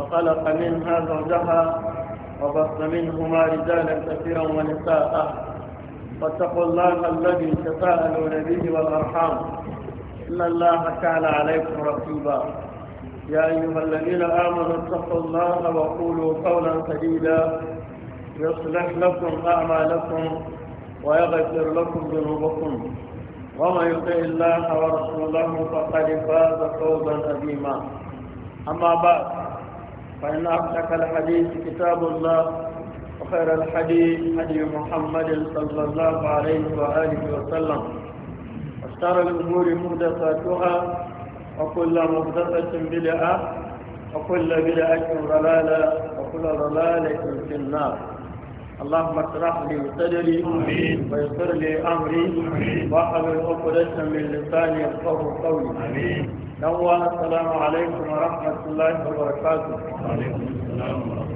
وخلق منها زوجها وبث منهما رجالا كثيرا ونساء واتقوا الله الذي تساءلوا به والارحام ان الله كان عليكم رقيبا يا ايها الذين امنوا اتقوا الله وقولوا قولا سديدا يصلح لكم اعمالكم ويغفر لكم ذنوبكم ومن يطع الله ورسوله فقد فاز فوزا عظيما اما بعد فإن أصدق الحديث كتاب الله وخير الحديث حديث محمد صلى الله عليه وآله وسلم وشر الأمور مهدساتها وكل مهدسة بدعة وكل بدعة ضلالة وكل ضلالة في النار اللهم اشرح لي صدري ويسر لي امري واحلل عقدة من لساني يفقه قولي نوى السلام عليكم ورحمة الله وبركاته وعليكم السلام ورحمة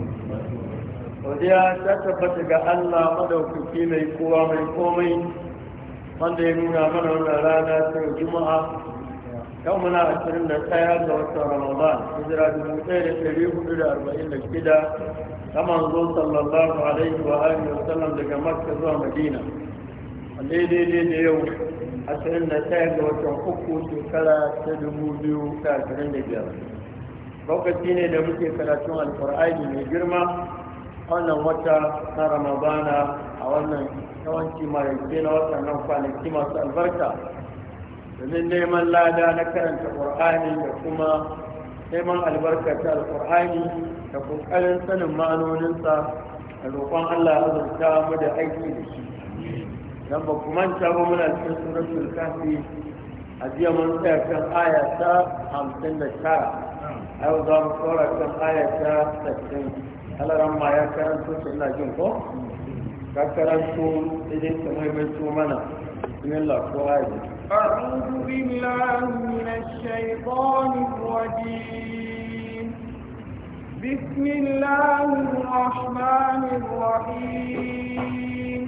الله مدوك في ميقوى من قومي من دينونا من الألانة في الجمعة يومنا أشرنا سيارة وصورة رمضان إذرا دموتين كما نزول صلى الله عليه وآله وسلم لك مركز ومدينة الليلي ليلي يوم ashirin da ta ga watan uku shekara ta dubu biyu da ashirin da biyar lokaci ne da muke karatun alkur'ani mai girma wannan wata na ramadana a wannan yawanci maraice na watan nan kwanaki masu albarka domin neman lada na karanta ƙur'ani da kuma neman albarka ta alkur'ani da ƙoƙarin sanin ma'anoninsa da roƙon allah azurta mu da aiki da shi dan ba ku manta ba muna cikin suratul kafi a jiya mun tsaya kan aya ta 59 a yau za mu tsora kan aya ta 60 alaran ma ya karanto shi ina jin ko ka karanto idan ka maimaito mana bismillah ko aya أعوذ بالله من الشيطان الرجيم بسم الله الرحمن الرحيم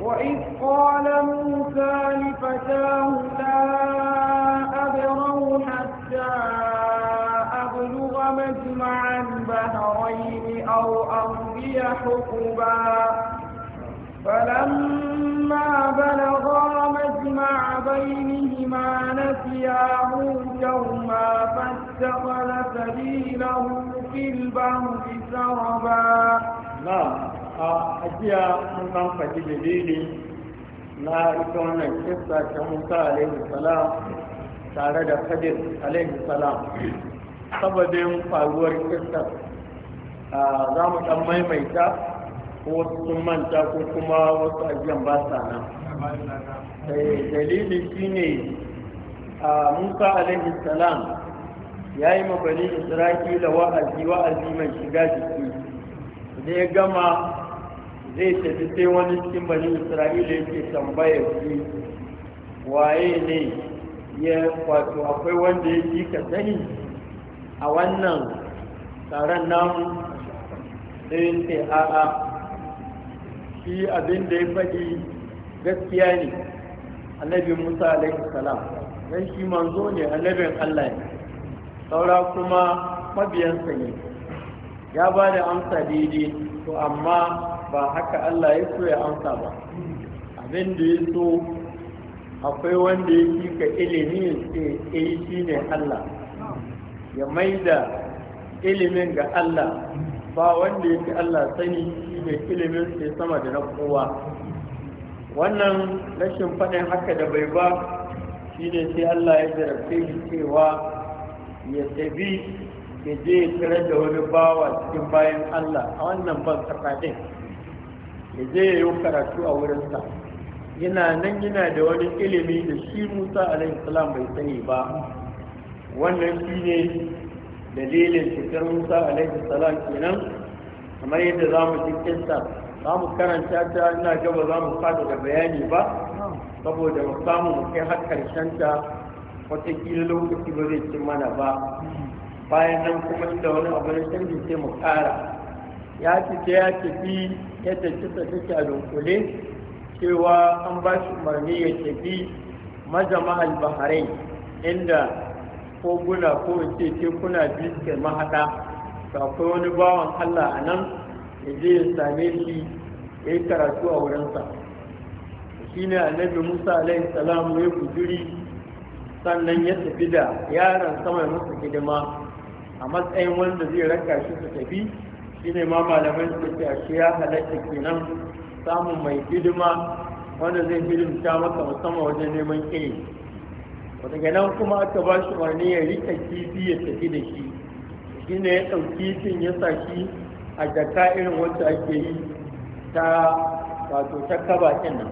وإذ قال موسى لفتاه لا أبره حتى أبلغ مجمع البحرين أو أمضي حقبا فلما بلغا مجمع بينهما نسيا موتهما فاتخذ سبيله في البهر سربا jiya an ɗan faɗi dalili na ita wannan kissa ta musa alaihi salam tare da fadir alaihi salam sababin faruwar kissa za mu ɗan maimaita ko sun manta ko kuma wasu ajiyan ba sa nan eh, dalili shine musa alaihi salam ya yi mabani isra'ila wa'azi wa'azi mai shiga jiki da ya gama zai tafi sai wani cikin bani isra'ila yake tambayar shi waye ne ya wato akwai wanda ya ji ka sani a wannan taron namu sai ce a'a shi abin da ya faɗi gaskiya ne annabi musa alaihi salam dan shi manzo ne annabin allah ne saura kuma mabiyansa ne ya ba da amsa daidai to amma ba haka Allah ya so ya amsa ba abin da ya so akwai wanda ya fi ka ilimi ya ce eh shi ne Allah ya maida ilimin ga Allah ba wanda ya fi Allah sani shi ne ilimin sai sama da na kowa wannan rashin faɗin haka da bai ba shi ne sai Allah ya zarafe shi cewa ya tabi ya je ya da wani bawa cikin bayan Allah a wannan ban kasa da zai yi karatu a wurin sa yana nan yana da wani ilimi da shi musa alaihi salam bai sani ba wannan shi ne dalilin cikin musa alaihi salam kenan kamar yadda za mu zamu za mu karanta ta ina gaba za mu fada da bayani ba saboda mu samu mu kai har karshen ta watakila lokaci ba zai ci mana ba bayan nan kuma da wani abu na canji sai mu kara ya fita ya tafi ya tafi take a dunkule cewa an ba shi umarni ya tafi majama al-baharai inda guna ko ce tekuna biyu suke mahaɗa to akwai wani bawan Allah a nan ya je ya same shi ya yi karatu a wurinsa shi ne annabi Musa alai salam ya guduri sannan ya tafi da yaron sama masa hidima a matsayin wanda zai raka shi su tafi shi ne ma malamai suka ce a shi ya halatta kenan samun mai hidima wanda zai hidimta maka musamman wajen neman iri daga nan kuma aka ba shi wani ya rika kifi ya tafi da shi shi ne ya ɗauki kifin ya sa shi a jaka irin wacce ake yi ta wato ta kaba nan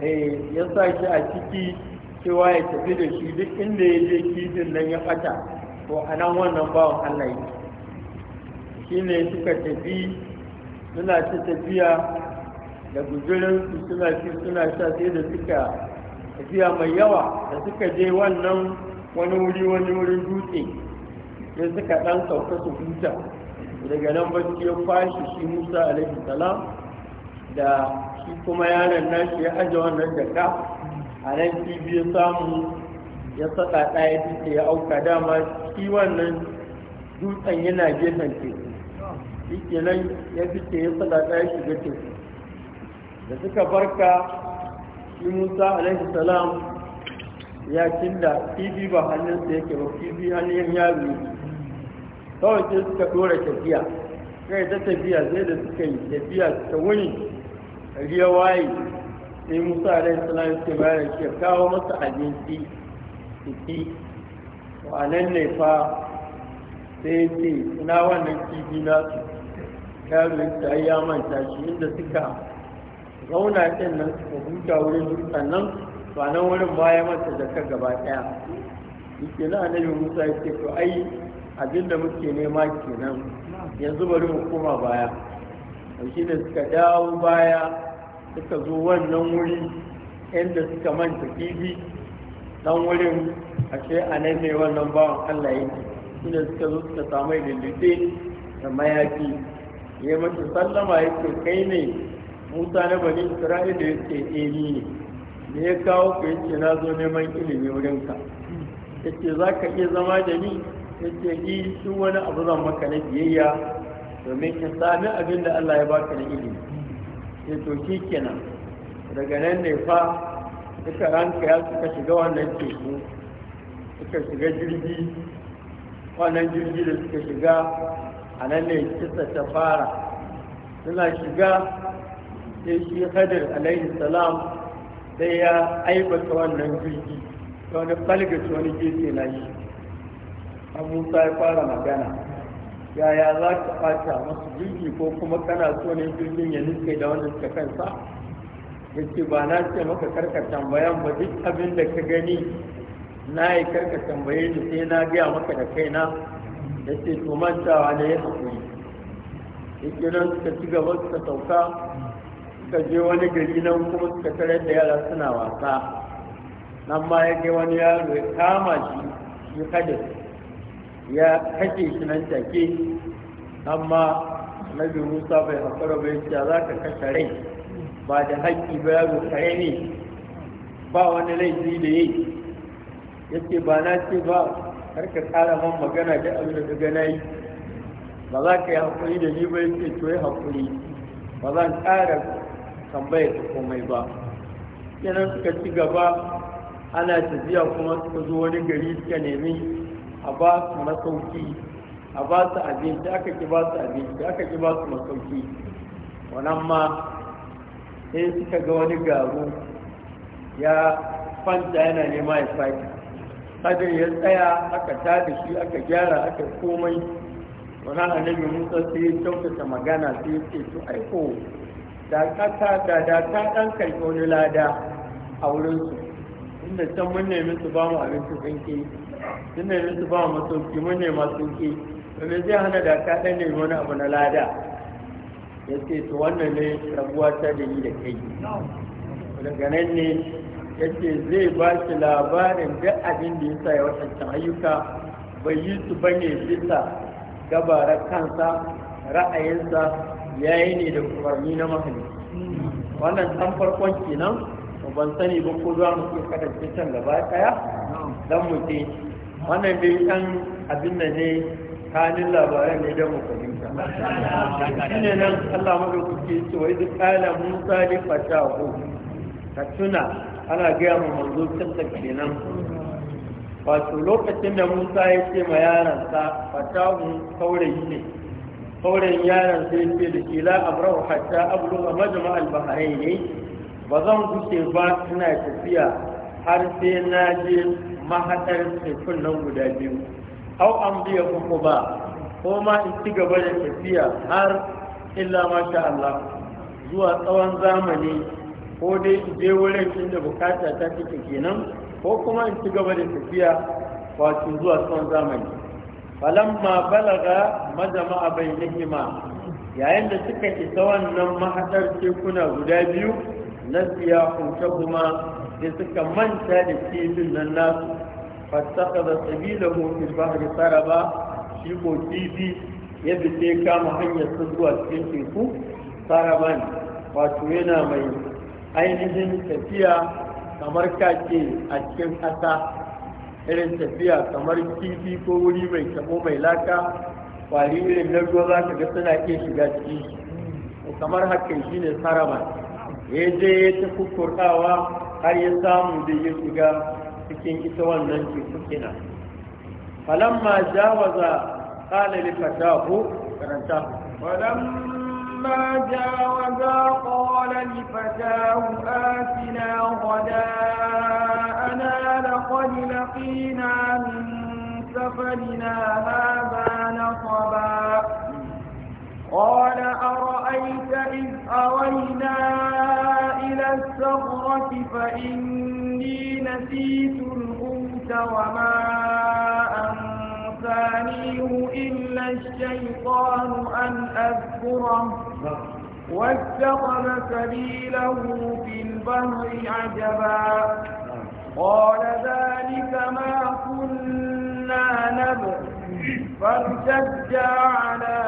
eh, ya sa shi a ciki cewa ya tafi da shi duk inda ya je kifin nan ya ɓata to a nan wannan bawan Allah yake ne suka tafi suna ta tafiya da gujirinsu suna shi suna sha sai da suka tafiya mai yawa da suka je wannan wani wuri wani wurin dutse sai suka ɗan sauka su huta daga nan bacci ya fashi shi musa alaihi salam da shi kuma na nashi ya aje wannan jaka a nan shi ya samu ya saɗaɗa ɗaya dutse ya auka dama shi wannan dutsen yana gefen teku shi nan ya fice ya sadaka ya shiga teku da suka barka shi musa alaihi salam ya cinda kifi ba hannunsa yake ba kifi hannun yaro kawai sai suka dora tafiya kai ta tafiya sai da suka yi tafiya ta wuni riya waye sai musa alaihi salam ya ce bayan shi kawo masa abinci ciki nan ne fa sai ce ina wannan kifi na su yaro da ya manta shi inda suka zauna ɗin nan suka huta wurin dukkan nan ba nan wurin baya mata da ka gaba ɗaya yake na annabi musa ya ce to ai abin da muke nema kenan yanzu bari mu koma baya A shi da suka dawo baya suka zo wannan wuri inda suka manta kifi dan wurin ce a nan ne wannan bawan allah yake shi da suka zo suka samu lulluɗe da mayafi ya mace sallama ya ce kai ne musa na bani da ya ce eni eh, ni ne me ya kawo ka ya ce na zo neman ilimi wurinka ya ce za ka iya zama da ni ya ce yi shi wani abu zan maka na biyayya domin ka sami abin da allah ya baka na ilimi ya to shi kenan daga nan ne fa suka ranka ya suka shiga wannan teku suka shiga jirgi wannan jirgi da suka shiga a nan ne kisa ta fara suna shiga sai shi hadir alaihi salam sai ya aibata wannan jirgi ta wani ta wani gefe na shi abu ya fara magana yaya za ka fata masu jirgi ko kuma kana so ne jirgin ya nufe da wanda suka kansa ya ce ba na ce maka karka tambayan ba duk abin da ka gani na yi karka tambaye ni sai na gaya maka da kaina ya ce to mantawa ne ya haƙuri ikinan suka ci gaba suka sauka suka je wani gari nan kuma suka tare da yara suna wasa nan ma ya kai wani yaro ya kama shi shi kada ya kashe shi nan take amma nabi musa bai haƙura bai ce za ka kashe rai ba da haƙƙi ba yaro kare ne ba wani laifi da yi ya ce ba na ce ba kar ka tsara man magana da abin da ka yi ba za ka yi haƙuri da ni ba ya ce to yi haƙuri ba zan ƙara tambaya ta komai ba kenan suka ci gaba ana tafiya kuma suka zo wani gari suka nemi a ba su masauki a ba su abinci aka ki ba su abinci aka ki ba su masauki wannan ma sai suka ga wani garu ya fanta yana nema ya hajar ya tsaya aka tada shi aka gyara aka komai wani annabi musa sai ya kyautata magana sai ya ce to aiko da kasa da da ta dan karɓi wani lada a wurinsu inda can mun nemi su ba mu abinci sun ke sun nemi su ba mu masauki mun nema sun ke domin zai hana da ka dan nemi wani abu na lada ya ce to wannan ne rabuwa ta da yi da kai daga nan ne yace zai ba shi labarin duk abin da ya sa ya ayyuka bai yi su bane bisa gabarar kansa ra'ayinsa ya yi ne da kwarni na mahali wannan ɗan farkon kenan ban sani ba ko za mu iya karanta cikin gaba ɗaya dan mu ce wannan dai ɗan abin da ne kanin labaran ne don mu fahimta shi ne nan Allah madaukake ce wai idu kala Musa da fatahu ka tuna ana gaya mu manzo da kenan wato lokacin da musa ya ce ma yaransa mu saurayi ne saurayin yaran sai ce da ila la abrahu hatta abluga majma al bahrain ne ba zan guce ba ina tafiya har sai na je mahadar tekun nan guda biyu au an biya ku ba ko ma in ci gaba da tafiya har illa masha Allah zuwa tsawon zamani ko dai in je wurin inda bukata ta take kenan ko kuma in ci gaba da tafiya wato zuwa son zamani falamma balaga majama'a bainihima yayin da suka isa wannan mahadar tekuna guda biyu nasiya kunta kuma da suka manta da kifin nan nasu fasaka da sabila hofin bahari saraba shi ko kifi ya bi sai kama hanyar su zuwa cikin teku saraban wato yana mai ainihin tafiya kamar kake a cikin ƙasa irin tafiya kamar kifi ko wuri mai tabo mai laka kwari irin na ruwa za ka ga suna iya shiga ciki kamar hakan shi ne sarama ya je ya ta kukurɗawa har ya samu da ya shiga cikin ita wannan cikin falamma jawaza ƙalali fatahu karanta فلما جاوزا قال لفتاه آتنا غداءنا لقد لقينا من سفرنا هذا نصبا قال أرأيت إذ أوينا إلى السفرة فإني نسيت الحوت وما أنسانيه إلا الشيطان أن أذكره واتخذ سبيله في البحر عجبا قال ذلك ما كنا نبغي فارتجا على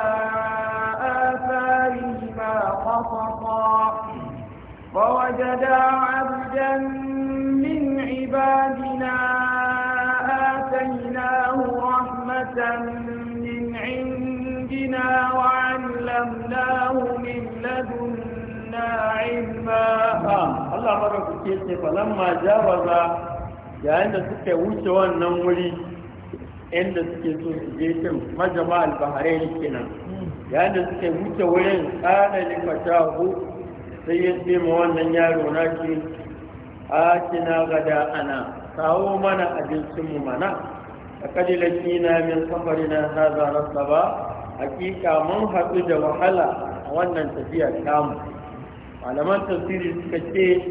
آثارهما قصصا فوجدا عبدا من عبادنا آتيناه رحمة علينا وعلمناه من لدنا علما الله مرة كتير فلما جاوز يعني سكة وشوان نمولي inda suke so su je kan majama al-bahrain kenan yayin da suke wuce wurin kana li fatahu sai ya ce ma wannan yaro na ki na gada ana kawo mana abincinmu mu mana akadi lakina min safarina hadha nasaba hakika mun haɗu da wahala a wannan tafiya tamu malaman tafsiri suka ce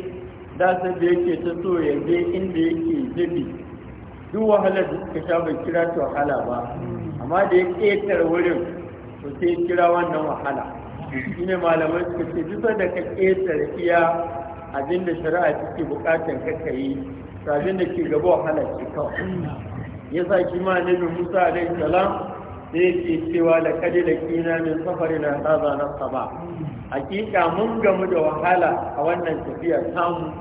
da yake ta so ya je inda yake zabi duk wahalar da suka sha bai kira ta wahala ba amma da ya ƙetar wurin to sai kira wannan wahala shine malaman suka ce duk da ka ƙetar iya abin da shari'a take bukatan kaka yi abin da ke gaba wahala ce kawai yasa shi ma annabi Musa alaihi salam sai ke cewa da kadi da kina min safari na haza na saba hakika mun gamu da wahala a wannan tafiya samu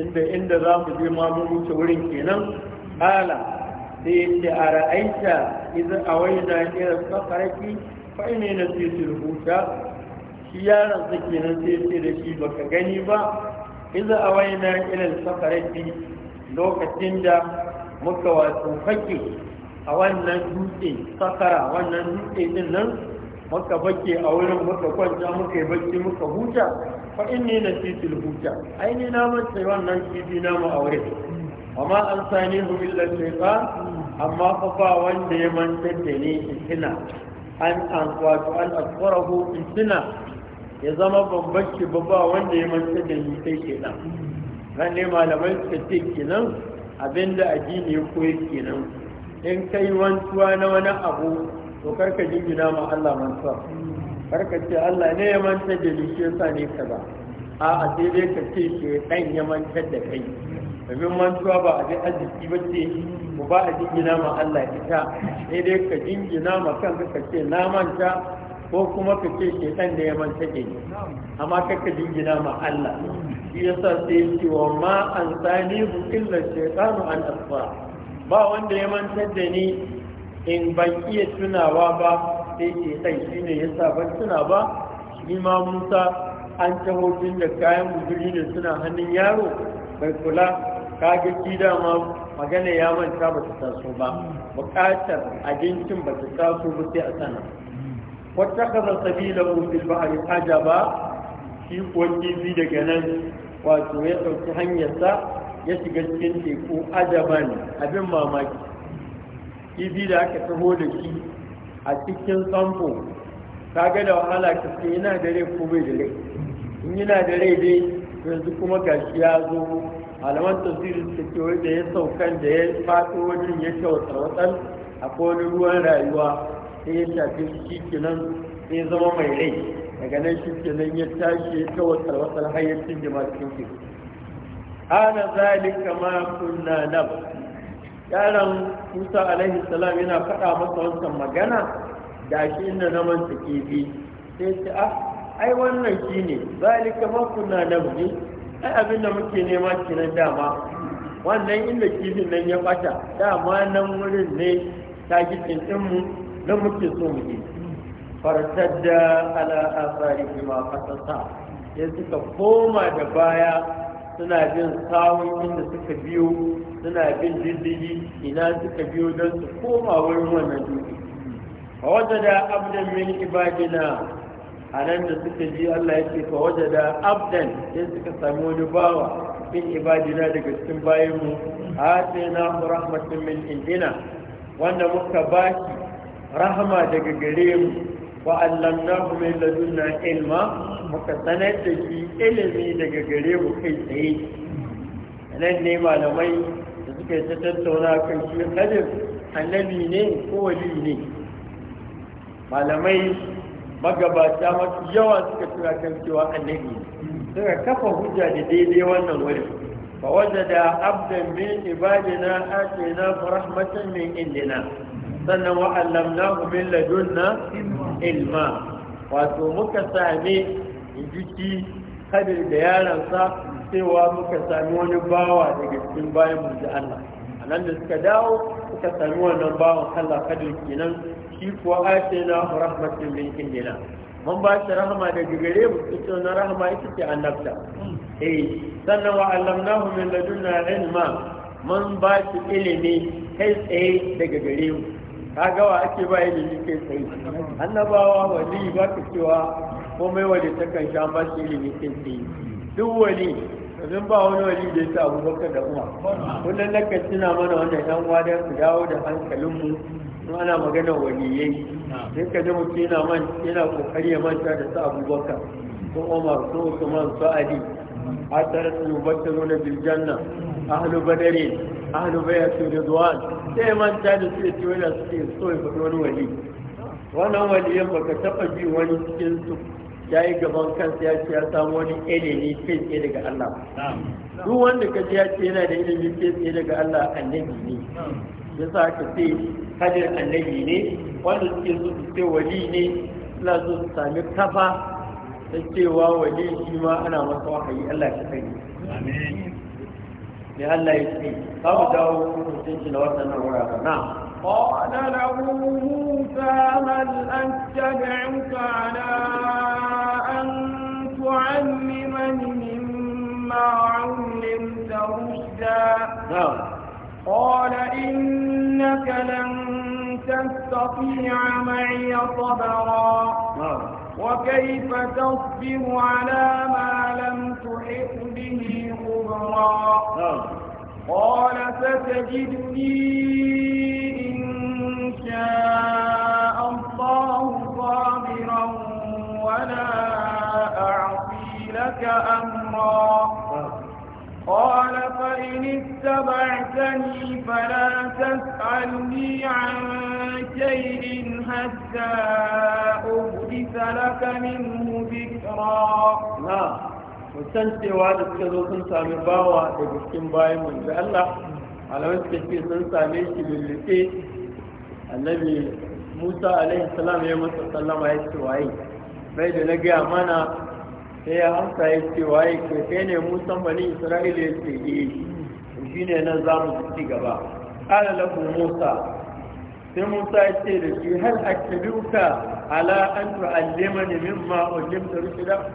inda inda za mu je ma mun wuce wurin kenan hala sai ya ce a ra'aita idan a na irin safaraki fa ne na sai sulhuta shi yaron sa kenan sai ce da shi baka gani ba iza a na ilal safarati lokacin da muka wato fake a wannan dutse sakara wannan dutse din nan muka bakke a wurin muka kwanta muka yi bacci muka huta fa inni na titil huta ai ni na mace wannan kifi na mu a wurin amma an sani hu illa shaytan amma fa ba wanda ya manta da ni tuna an an wato an asfarahu tuna ya zama ban bacci ba ba wanda ya manta da ni sai kenan nan ne malamai suka ce kenan abinda addini ya koyi kenan in kai wancuwa na wani abu to karka jingina ma Allah mantuwa karka ce Allah ne ya manta da ni shi yasa ne ba a a sai dai ka ce shi dan ya manta da kai domin mantuwa ba a dai arziki ba ce mu ba a jingina ma Allah ita sai dai ka jingina ma kanka ka ce na manta ko kuma ka ce shi dan da ya manta da ni amma karka jingina ma Allah shi yasa sai ce wa ma an sani bu illa shaytanu an asfara ba wanda ya mantar da ni in ban iya tunawa ba sai ce kai shi ne yasa ban tuna ba shi ma musa an taho tun da kayan buduri da suna hannun yaro bai kula kaga shi ma magana ya manta ba ta taso ba bukatar abincin ba ta taso ba sai a sana wata kaza sabila musul ba a yi ba shi kuwa daga nan wato ya ɗauki hanyarsa ya shiga cikin teku ajaban abin mamaki kifi da aka taho da shi a cikin sampo ka ga da wahala ka ce yana da rai ko bai da rai in yana da rai dai yanzu kuma gashi ya zo alaman tasiri ta ce wai da ya saukan da ya fato wajen ya kyauta watsan a wani ruwan rayuwa sai ya shafi shi kenan sai zama mai rai daga nan shi kenan ya tashi ya kyauta watsan har ya cin jima cikin teku ana zalika ma kunna nab yaron Musa alaihi salam yana faɗa masa wancan magana da shi inda na manta kifi sai ce ah ai wannan shine zalika ma kunna nab ne ai abin da muke nema kenan dama wannan inda kifin nan ya bata dama nan wurin ne tagitin ɗinmu nan muke so mu yi fartar da ala asari ma fasasa ya suka koma da baya suna bin sawun inda suka biyo suna bin diddigi ina suka biyo don su koma wurin wannan dutse a waje da abdan min ibadina a nan da suka ji Allah ya ce fa waje da abdan sai suka sami wani bawa min ibadina daga cikin bayanmu a sai na rahmatin min indina wanda muka baki rahama daga gare mu fa'allannahu min ladunna ilma muka sanar da shi ilimi daga gare mu kai tsaye nan ne malamai da suka yi ta tattauna kan shi hadin annabi ne ko wali ne malamai magabata masu yawa suka tura kan cewa annabi suka kafa hujja da daidai wannan wurin fa wajada abdan min ibadina atina rahmatan min indina sannan wa'allamnahu min ladunna ilma wato muka sami jiki kadir da yaransa cewa muka sami wani bawa daga cikin bayan mu allah a nan da suka dawo suka sami wannan bawan Allah kadir kenan shi kuwa atina rahmatin min indina mun ba shi rahama daga gare mu ita na rahama ita ce annabta eh sannan wa allamnahu min ladunna ilma mun ba shi ilimi kai tsaye daga gare mu ka gawa ake ba ilimi kai tsaye annabawa wali ba ka cewa komai wali ta kan sha ba shi ilimi kai tsaye duk wali domin ba wani wali da ya sa abubakar da kuma. kullum na kan tuna mana wannan yan wada su dawo da hankalinmu in ana magana waliyai sai ka ji mutum yana man yana kokari ya manta da su abubakar Ko umar ko usman su ali a tare su biljanna ahlu badari ahlu bayatu ridwan sai manta da su ce wanda suke so ya fito wani wali wannan waliyan baka taba ji wani cikin su ya yi gaban kansa ya ce ya samu wani ilimi kai tsaye daga Allah duk wanda ka ji ya ce yana da ilimi kai tsaye daga Allah annabi ne yasa ka ce hadin annabi ne wanda suke so su ce wali ne suna so su sami kafa ta cewa wali shi ma ana masa wahayi Allah ya sani لئلا Allah ya ce za mu dawo hukuncin shi na قال له موسى هل أتبعك على أن تعلمني مما علمت رشدا نعم قال إنك لن تستطيع معي صبرا وكيف تصبر على ما لم تحق به نصرا نعم. قال ستجدني إن شاء الله صابرا ولا أعطي لك أمرا نعم. قال فإن اتبعتني فلا تسألني عن شيء حتى أحدث لك منه ذكرا نعم. cewa da suka zo sun sami bawa da cikin bayan manzo Allah alawai suka ce sun same shi lullube annabi Musa alaihi salam ya masa sallama ya ce waye bai da na gaya mana sai ya amsa ya ce waye ke kai ne Musa bani Isra'ila ya ce eh shi ne nan za mu ci gaba ala lahu Musa sai Musa ya ce da shi hal attabi'uka ala an tu'allimani mimma ullimta rushda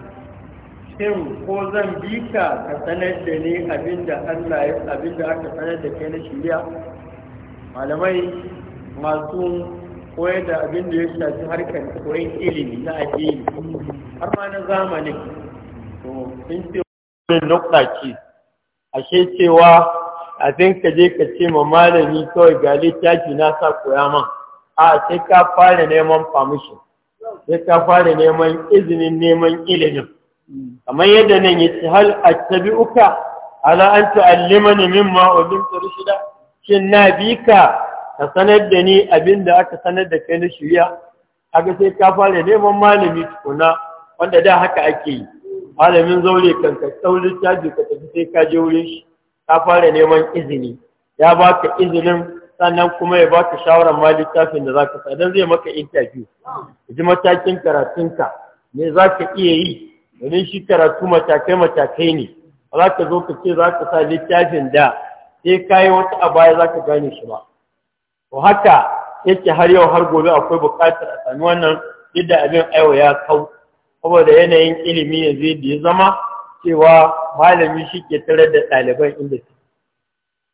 shin ko zan bi ka ka sanar da ni abinda Allah ya abinda aka sanar da kai na shirya malamai masu koyar da abin da ya shafi harkar koyon ilimi na addini har ma na zamani to sun ce wani nukta ce ashe cewa abin ka je ka ce ma malami kawai ga littafi na sa koya man a sai ka fara neman permission sai ka fara neman izinin neman ilimin kamar yadda nan ya ce hal a uka ala an min mimma ulimtu shida. shin na bi ka ka sanar da ni abin da aka sanar da kai na shirya ga sai ka fara neman malami tukuna wanda da haka ake yi malamin zaure kan ka tsauri caji ka tafi sai ka je wurin shi ka fara neman izini ya baka izinin sannan kuma ya baka shawarar ma littafin da za ka sa don zai maka interview ji matakin karatunka me za ka iya yi domin shi karatu matakai-matakai ne za ka zo ka ce za ka sa littafin da sai ka yi wata a baya za ka gane shi ba to haka yake har yau har gobe akwai buƙatar a sami wannan yadda abin aiwa ya kau saboda yanayin ilimi yanzu da ya zama cewa malami shi ke tarar da ɗaliban inda su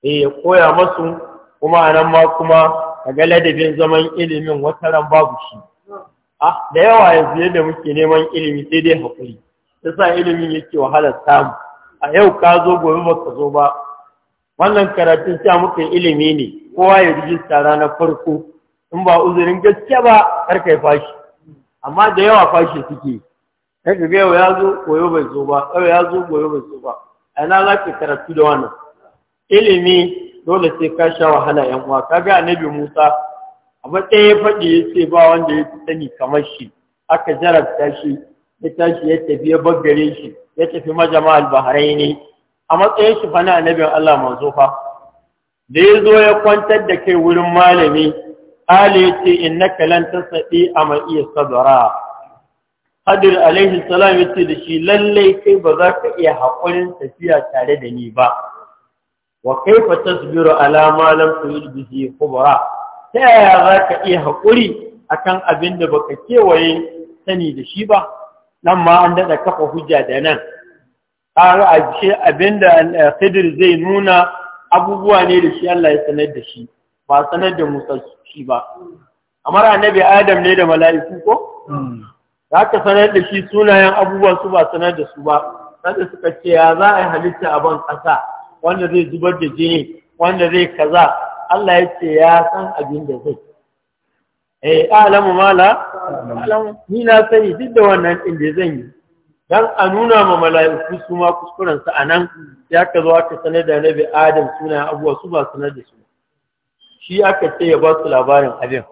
eh ya koya masu kuma a nan ma kuma a ga ladabin zaman ilimin wata ran babu shi ah da yawa yanzu yadda muke neman ilimi sai dai haƙuri ya sa ilimin yake wahalar samu a yau ka zo gobe ba ka zo ba wannan karatun sa muka ilimi ne kowa ya rijista ranar farko in ba uzurin gaskiya ba karka kai fashi amma da yawa fashi suke kai ga yau ya zo goyo bai zo ba yau ya zo goyo bai zo ba ana za ka karatu da wannan ilimi dole sai ka sha wahala yan uwa kaga annabi Musa a matsayin faɗi ya ce ba wanda ya sani kamar shi aka jarabta shi ya tashi ya tafi ya baggare shi ya tafi majama'al ne. a matsayin shi fa na annabin Allah manzo fa da ya zo ya kwantar da kai wurin malami Ali ya ce innaka lan tasadi ama iya sabara Hadir alaihi salam ya ce da shi lallai kai ba za ka iya haƙurin tafiya tare da ni ba wa kaifa tasbiru ala ma lam tuhid bihi khubra ta yaya za ka iya haƙuri akan abin da baka kewaye sani da shi ba nan ma an daɗa kafa hujja da nan har a ce abinda eh, Khidir zai nuna abubuwa ne da shi Allah ya sanar da shi ba sanar da Musa shi ba kamar annabi Adam ne da mala'iku ko hmm. za ka sanar da shi sunayen abubuwa su ba sanar da su ba sanda suka ce ya za a yi halitta a ban ƙasa wanda zai zubar da jini wanda zai kaza Allah ya ce ya san abin da zai eh alamu mala alamu ni na sani duk da wannan din da zan yi dan a nuna ma mala'iku su ma kuskuren su anan ya ka zo aka sanar da nabi adam suna abuwa su ba sanar da su shi aka ce ya ba su labarin abin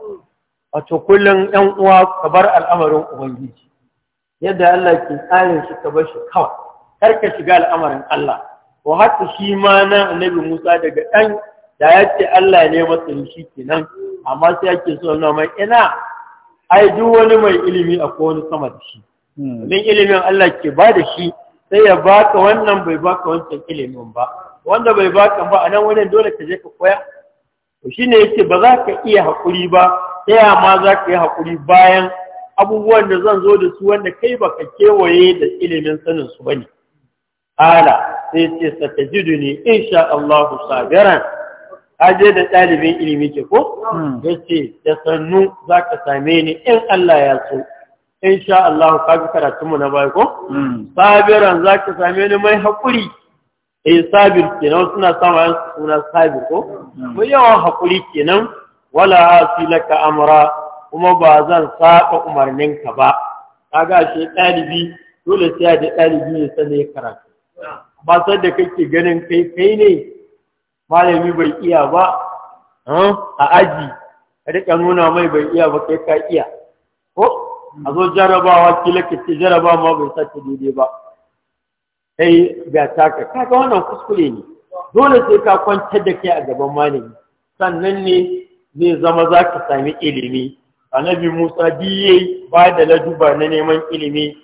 wato kullum yan uwa ka bar al'amarin ubangiji yadda Allah ke tsarin shi ka bar shi kawai kar ka shiga al'amarin Allah wa hatta shi ma na annabi Musa daga dan da ya Allah ne masa shi kenan amma sai ake so na mai ina ai duk wani mai ilimi a wani sama da shi hmm. min ilimin Allah ke ba da shi sai ya baka wannan bai baka wancan ilimin ba wanda bai baka ba a nan wani dole ka je ka koya to shine yake ba za ka iya hakuri ba ya ma za ka yi hakuri bayan abubuwan da zan zo da su wanda kai baka kewaye da ilimin sanin su bane ala sai ce satajidu ne insha Allah sabiran aje da ɗalibin ilimi ke ko hmm. Ya ce da sannu zaka same ni in Allah ya so sha Allah ka fi karatunmu na bai ko hmm. sabiran ka same ni mai hakuri eh sabir nan suna sama suna sabir ko hmm. mai yawan hakuri kenan wala laka amura kuma ba zan umarnin umarninka ba ga shi ɗalibi dole sai da ɗalibi ya sane karatu ba sai da kake ganin kai kai ne malami bai iya ba a aji ka rika nuna mai bai iya ba kai ka iya ko a zo jarabawa kila ka ce jarabawa ma bai sace daidai ba kai ga taka kaga wannan kuskure ne dole sai ka kwantar da kai a gaban malami sannan ne zai zama za ka sami ilimi annabi musa biye ba da laduba na neman ilimi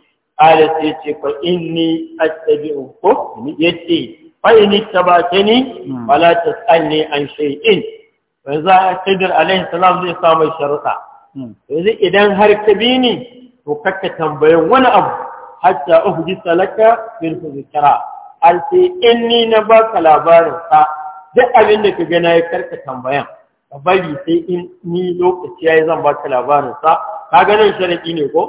alas ya ce fa inni attabi'u ko ni yace fa'in tabatani wala tasalni an shay'in yanzu Khidir alaihi salam zai samu sharuɗa yanzu idan har ka bi ni to kakka tambaye wani abu hatta uhdisa salaka, min zikra an ce in ni na ka labarin sa duk abin da ka gana ya karka tambayan ka bari sai in ni lokaci yayi zan baka labarin sa ka ganin sharaki ne ko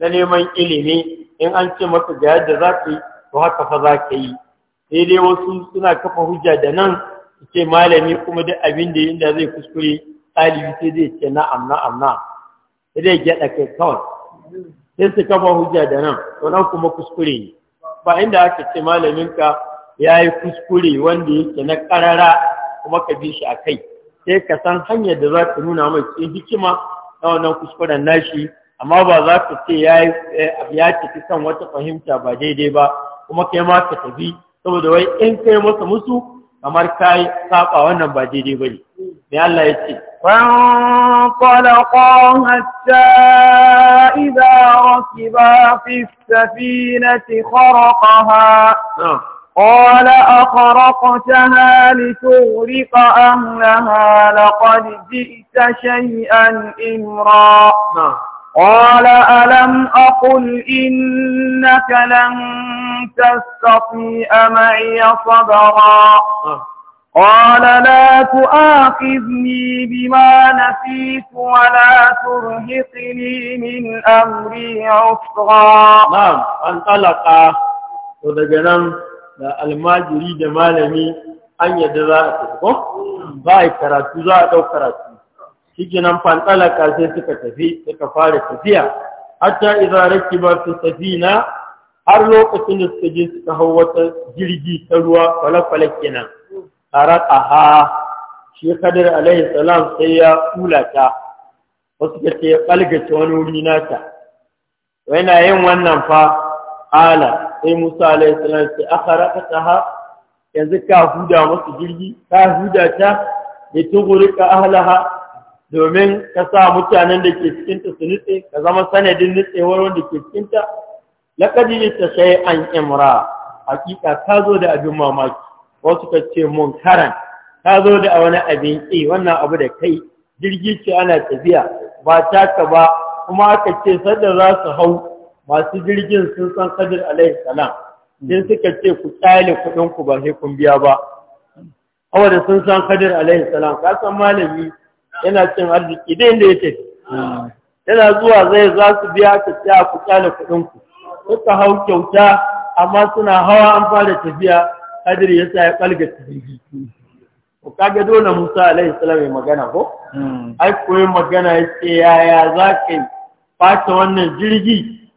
na neman ilimi in an ce maka ga yadda za ka yi to haka fa za ka yi sai dai wasu suna kafa hujja da nan ce malami kuma duk abin da inda zai kuskure ɗalibi sai zai ce na'am na'am na'am sai dai gyaɗa kai kawai sai su kafa hujja da nan to nan kuma kuskure ne ba inda aka ce malaminka ya yi kuskure wanda yake na ƙarara kuma ka bi shi a kai sai ka san hanyar da za ka nuna mai cikin hikima na wannan kuskuren nashi amma ba za ka ce ya ciki kan wata fahimta ba daidai ba kuma kai ma ka tafi saboda wai in kai masa musu kamar kai saba wannan ba daidai bane me Allah ya ce فانطلقا حتى إذا ركبا في السفينة خرقها نعم. قال أخرقتها لتغرق أهلها لقد جئت شيئا إمرا نعم. قال ألم أقل إنك لن تستطيع معي صبرا قال لا تؤاخذني بما نسيت ولا ترهقني من أمري عسرا نعم انطلق ودجنم الماجري جمالني أن يدرى ba a yi karatu za a ɗau karatu shikinan fantsalaka sai suka tafi suka fara tafiya hatta idza rakiba fi safina har lokacin da suka je suka hau wata jirgi ta ruwa falafala kenan ha shi kadir alaihi salam sai ya kula ta wasu ka ce balgace wani wuri nata yana yin wannan fa ala sai musa alaihi salam sai ha yanzu ka huda masu jirgi ka huda ta ka ahalaha domin ka sa mutanen da ke cikinta su nutse ka zama sanadin nutsewar wanda ke cikinta laƙadi ta sai an imra hakika ta zo da abin mamaki wasu ka ce mun munkaran ta zo da wani abin ƙi wannan abu da kai jirgi ce ana tafiya ba taka ba kuma aka ce sadda za su hau masu jirgin sun san kadir alaihi salam din suka ce ku kyale kuɗin ku ba sai kun biya ba awada sun san kadir alaihi salam ka san malami yana cin arziki da inda ya yana zuwa zai za su biya ta tsaya ku da kuɗinku suka hau kyauta amma suna hawa an fara tafiya kadir ya sa ya kalga tafiya ku ga dole musa alaihi salam ya magana ko ai koyi magana ya ce yaya za ka yi fata wannan jirgi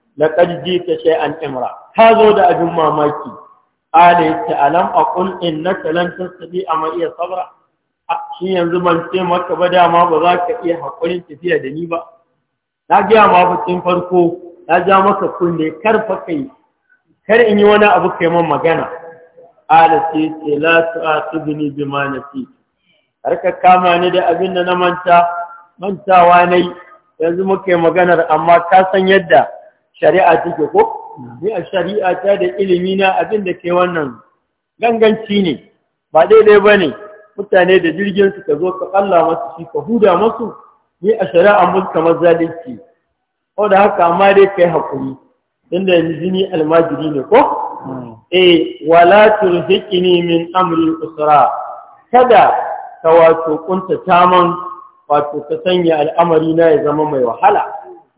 ta sai an imra ka zo da abin mamaki ala yace alam aqul na lan tastati a iya sabra shi yanzu ban ce maka ba dama ba za ka iya haƙurin tafiya da ni ba na gaya ma bakin farko na ja maka kunne kar fa kai kar in yi wani abu kai man magana ala sai ce la ma na ce har ka kama ni da abin da na manta mantawa nayi yanzu muka yi maganar amma ka san yadda shari'a take ko ni a shari'a ta da ilimi na abin da ke wannan ganganci ne ba daidai ba ne. mutane da jirgin su ka zo ka kalla masu shi ka huda masu ni a shari'a mun kamar zalunci ko da haka amma dai kai hakuri da yanzu ni almajiri ne ko eh wala turhiqni min amri usra kada ka wato kunta taman wato ka sanya al'amari na ya zama mai wahala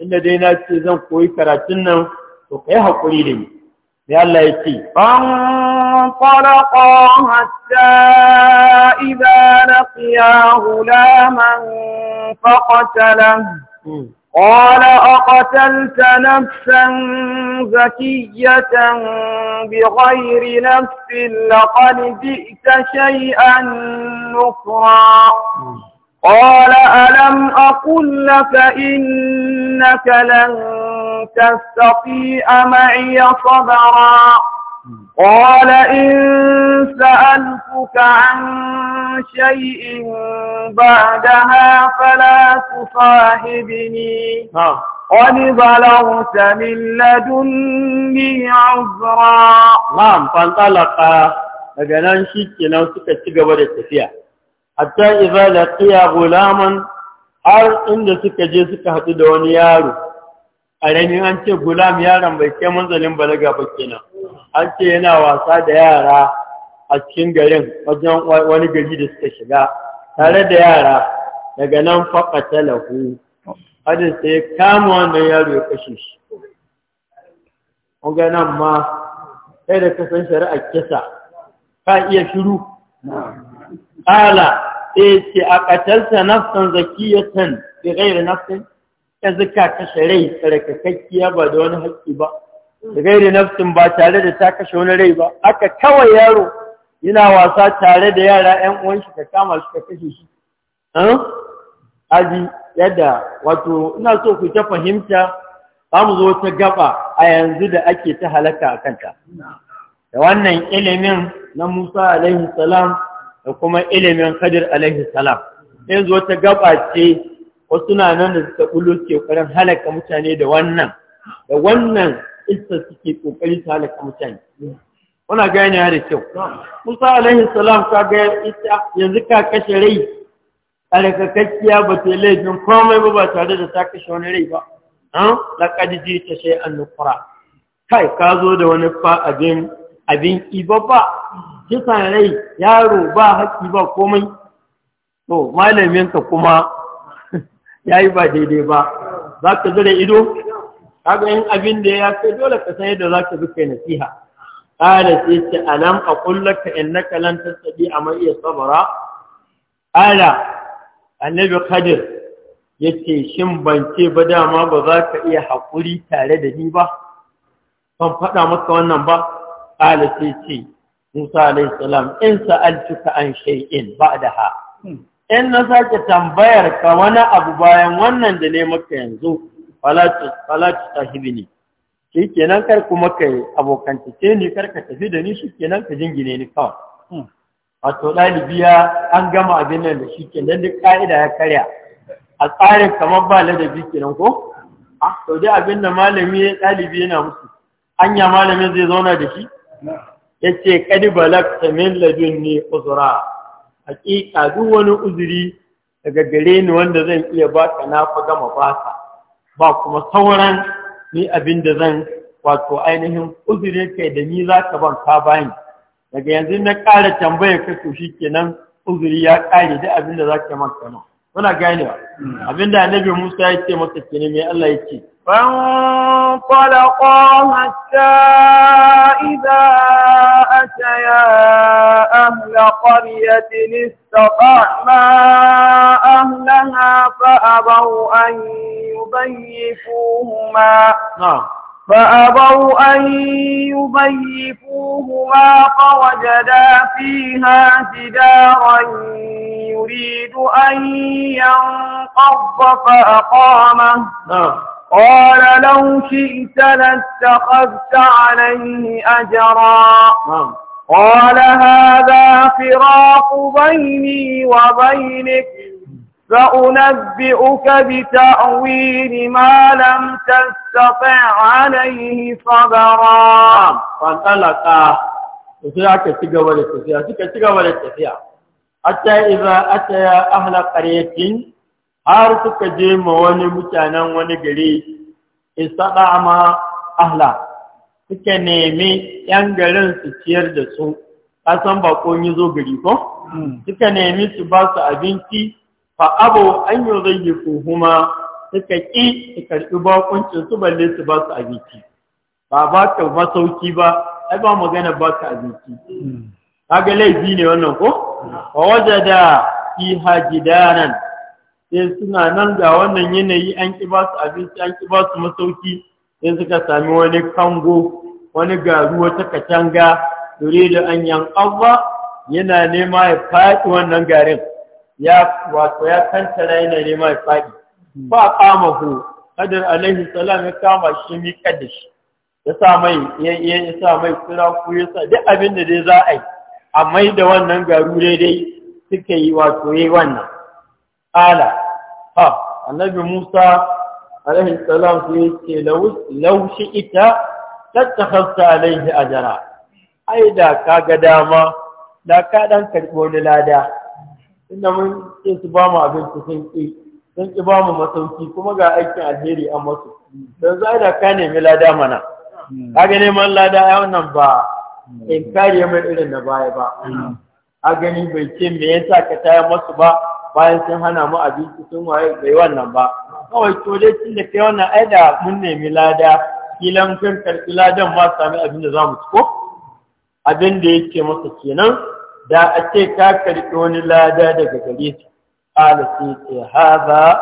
inda dai na ce zan koyi karatun nan to kai hakuri da ni sai Allah ya ce فانطلقا حتى إذا لقيا غلاما فقتله قال أقتلت نفسا زكية بغير نفس لقد جئت شيئا نكرا قال ألم أقل لك إنك لن تستطيع معي صبرا قال إن سألتك عن شيء بعدها فلا تصاحبني قد بلغت من لدني عذرا نعم فانطلقا daga nan shi kenan suka ci gaba da tafiya hatta idza laqiya gulaman har inda suka je suka haɗu da wani yaro a ranin an ce gulam yaron bai kai manzalin balaga ba kenan an ce yana wasa da yara a cikin garin wajen wani gari da suka shiga tare da yara daga nan ta lahu hadin sai kama wannan yaro ya kashe shi ƙunga nan ma sai da kasan shari'a kisa ka iya shiru ƙala sai ce a ƙatalta nafsan zakiyatan bi ghairi nafsin ka zika kashe rai tsarkakakkiya ba da wani haƙƙi ba da gairi nafsin ba tare da ta kashe wani rai ba aka kawai yaro yana wasa tare da yara ‘yan uwan shi ka kama shi ka kashe shi aji yadda wato ina so ku ta fahimta ba mu zo ta gaba a yanzu da ake ta halaka a kanta da wannan ilimin na musa alaihi salam da kuma ilimin kadir alaihi salam yanzu wata gaba ce wasu na nan da suka bullo ke halaka mutane da wannan da wannan kissa suke ƙoƙari ta halaka mutane wana gane ya da kyau musa alaihi salam ka ga ita yanzu ka kashe rai tsarkakakkiya ba ta laifin komai ba ba tare da ta kashe wani rai ba laƙadi ji ta shai an nufura kai ka zo da wani abin abin ba kisan rai yaro ba haƙi ba komai to malaminka kuma ya yi ba daidai ba za ka zira ido kaga in abin da ya kai dole ka san yadda zaka bi kai nasiha qala sai ce alam aqul laka innaka lan tastabi amma iya sabara ala annabi qadir yace shin ban ce ba dama ba za ka iya haƙuri tare da ni ba ban faɗa maka wannan ba qala sai ce Musa alayhi salam in sa'altuka an shay'in ba'daha hmm. in na sake tambayar ka wani abu bayan wannan da ne maka yanzu falatu sahibini shi kenan kar kuma ka yi abokantace ni kar ka tafi da ni shi kenan ka jingine ni kawai hmm. wato ɗalibiya ya an gama abin nan da shi kenan duk ka'ida ya karya a tsarin kamar ba ladabi kenan ko a to dai abin da malami ya ɗalibi yana musu anya malamin zai zauna da shi ya ce kadi balak min ladun ne uzura hakika duk wani uzuri daga gare ni wanda zan iya baka na fa gama baka ba kuma sauran ni abin da zan wato ainihin uzure kai da ni za ka ban ka bani daga yanzu na ƙara tambaya ka to shi kenan uzuri ya ƙare da abin da za ka man nan muna gane ba abinda annabi Musa ya ce masa ne, mai Allah ya ce fan qalaqa hatta idza ataya ahla qaryatin istaqama ahlaha fa abaw an yubayyifuhuma فأبوا أن يضيفوهما فوجدا فيها جدارا يريد أن ينقض فأقامه نعم. قال لو شئت لاتخذت عليه أجرا نعم. قال هذا فراق بيني وبينك سأنبئك بتأويل ما لم تستطع عليه صبرا فانطلق وسياك تجاوز التسيا تجاوز التسيا حتى إذا أتى أهل قرية har suka je ma wani mutanen wani gari istadama ahla suka nemi yan garin su ciyar da su kasan bakon yi zo gari ko suka nemi su basu abinci fa abu an yi kuhuma su suka ƙi su karɓi bakuncin su balle su ba su abinci ba ba ka masauki ba ai ba magana ba ka abinci kaga laifi ne wannan ko wa wajada fi hajidanan sai suna nan ga wannan yanayi an ƙi ba su abinci an ƙi ba su masauki sai suka sami wani kango wani garu wata katanga da an yanqadha yana nema ya faɗi wannan garin ya wato ya kantara yana nema ya faɗi ba a kama ku. Hadar alaihi salam ya kama shi mi da shi ya sa mai ya sa mai kira ku ya sa duk abin da dai za a yi a da wannan garu daidai suka yi wato yi wannan ala ha annabi musa alaihi salam su yi ce laushi ita tattakasta alaihi ajara ai da ka ga dama da ka ɗan karɓi wani lada inda mun ce su ba mu abinci sun ƙi sun ƙi ba mu masauki kuma ga aikin alheri an masu don za da ka nemi lada mana gani neman lada ya wannan ba in kariya mai irin na baya ba a gani bai ce me yasa ka masu ba bayan sun hana mu abinci sun waye bai wannan ba kawai to dai tun da kai wannan ai da mun nemi lada kilan kan karɓi ladan ma sami abin da za mu ci ko abin da yake masa kenan da a ce ka karɓi wani lada daga gare ta ƙala sai ce haza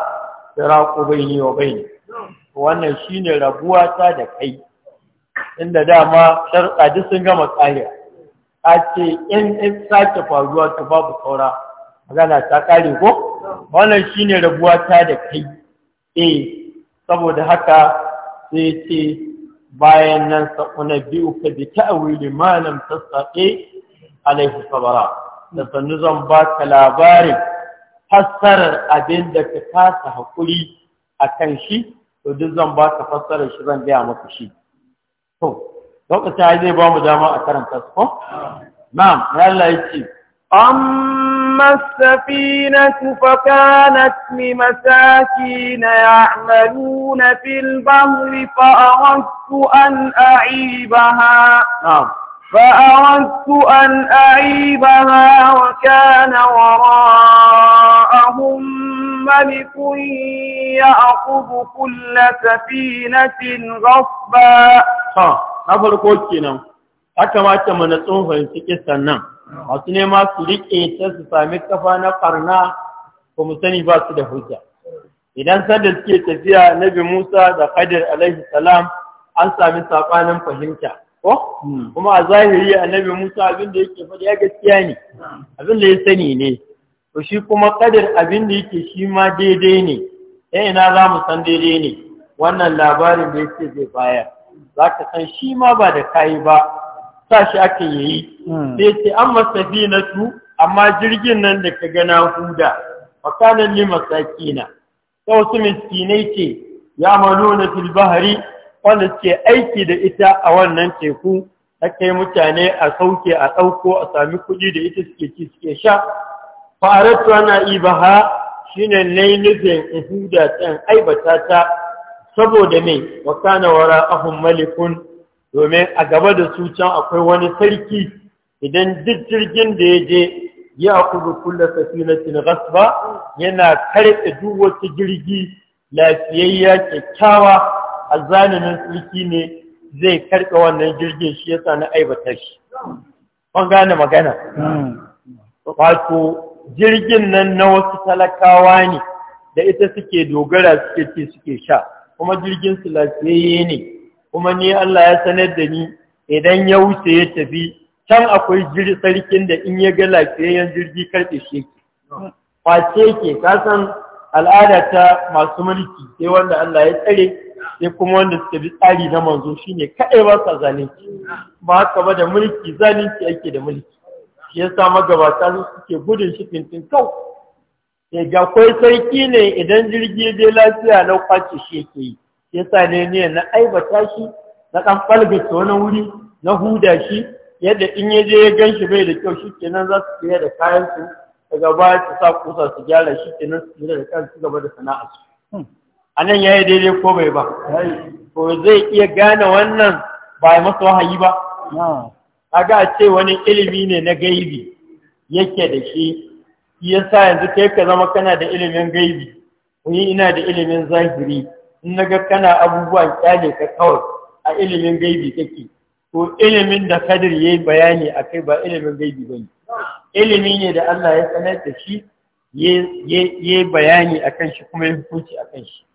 bai ne wa bai ne. wannan shine rabuwa ta da kai inda dama sharɗa duk sun gama ƙariya a ce in in sake faruwa ta babu saura magana ta ƙare ko wannan shine rabuwa ta da kai eh saboda haka sai ce bayan nan sa'una biyu ka bi ta'awili malam tasaqi alaihi sabara da sannu zan ba ka labarin fassarar abin da ka kasa haƙuri a kan shi to duk zan ba ka fassarar shi zan gaya maka shi to lokacin ai zai ba mu dama a karanta su ko na'am ya Allah yake أما السفينة فكانت لمساكين يعملون في البحر فأردت أن أعيبها نعم فأردت wasu أعيبها وكان وراءهم ملك يأخذ كل سفينة غصبا na farko kenan haka ma ta mana tsohon cikin sannan masu nema su riƙe ta su sami kafa na ƙarna ba mu sani ba su da hujja idan sadda suke tafiya nabi musa da kadir alaihi salam an sami saƙanin fahimta ko hmm. kuma a zahiri annabi Musa abin da yake faɗi ya gaskiya ne hmm. abin da ya sani ne to shi kuma kadar abin da yake shi ma daidai ne Ɗan eh, ina za mu san daidai ne wannan labarin da yake zai bayar za ka san shi ma ba da kayi ba sa shi aka yi hmm. sai ce an masafi tu amma jirgin nan da ka gana huda makanan lima sakina ta wasu miskinai ce ya manuna fil bahari wanda suke aiki da ita a wannan teku kai mutane a sauke a ɗauko a sami kuɗi da ita suke ci suke sha faratu ana ibaha shine ne nufin ihuda ɗan aibata ta saboda mai wa kana wara ahun malikun domin a gaba da su can akwai wani sarki idan duk jirgin da ya je ya kudu kulla safinatin gasba yana karɓe duk wata jirgi lafiyayya kyakkyawa azzalimin sulki ne zai karɓe wannan jirgin shi yasa na aibata shi kun gane magana wato jirgin nan na wasu talakawa ne da ita suke dogara suke ce suke sha kuma jirgin su lafiyayye ne kuma ni Allah ya sanar da ni idan ya wuce ya tafi can akwai jirgin sarkin da in ya ga lafiyayyen jirgi karɓe shi ke kwace ke kasan al'ada ta masu mulki sai wanda Allah ya tsare sai kuma wanda suka bi tsari na manzo shine kaɗai ba sa zalunci ba haka ba da mulki zalunci ake da mulki shi sa magabata su suke gudun shi fintin kau sai ga kwai sarki ne idan jirgi dai lafiya na kwace shi yake yi sa ne ne na aibata shi na ɗan falgata wani wuri na huda shi yadda in ya je ya gan shi bai da kyau shi kenan za su fiye da kayansu, su daga baya su sa kusa su gyara shi kenan su fiye da kansu gaba da sana'a su hmm. Anan ya yi daidai ko bai ba ko zai iya gane wannan ba ya masa wahayi ba a ga ce wani ilimi ne na gaibi yake da shi yasa yanzu kai ka zama kana da ilimin gaibi ni ina da ilimin zahiri in na ga kana abubuwan kyale ka kawai a ilimin gaibi kake Ko ilimin da kadir yi bayani akai ba ilimin gaibi ba ilimi ne da Allah ya sanar da shi yi bayani akan shi kuma ya hukunci akan shi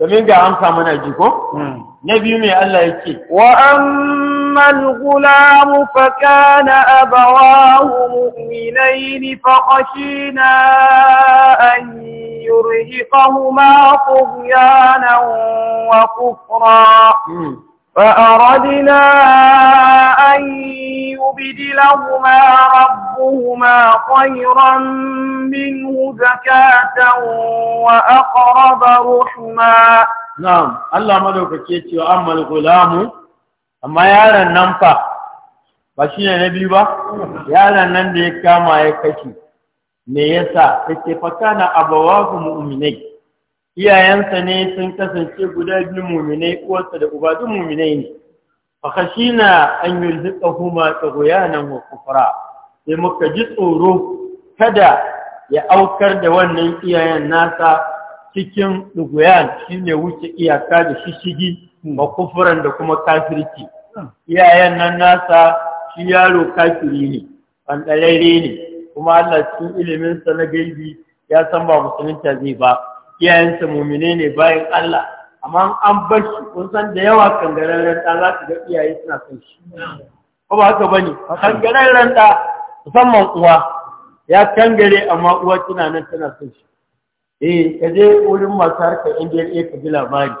domin ga amsa mana jiko, hmm. na biyu mai Allah ya ce wa ammal gulamu fa kana abawahu mu'minain fa na, an yurhiqahuma tughyanan wa kufra hmm. فأردنا أن يبدلهما ربهما خيرا منه زكاة وأقرب رحما نعم الله ملوك كيتي وأما الغلام أما يالا ننفع باشينا نبي با يارا نندي كما يكشي me yasa take fakana abawahu mu'minai iyayensa ne sun kasance guda biyun muminai uwarsa da uba duk muminai ne fa khashina an yulhiqahuma nan wa kufra sai muka ji tsoro kada ya aukar da wannan iyayen nasa cikin tughyan shine wuce iyaka da shishigi ba kufuran da kuma kafirci iyayen nan nasa shi yaro kafiri ne ɓanɗararre ne kuma Allah cikin iliminsa na gaibi ya san ba musulunta zai ba iyayensa mumine ne bayan Allah amma an bar shi kun san da yawa kangararren ɗa za su ga iyaye suna son shi ko ba haka bane kangararren ɗa musamman uwa ya kangare amma uwa tana nan tana son shi eh ka je wurin masu harkar NDLA ka ji labari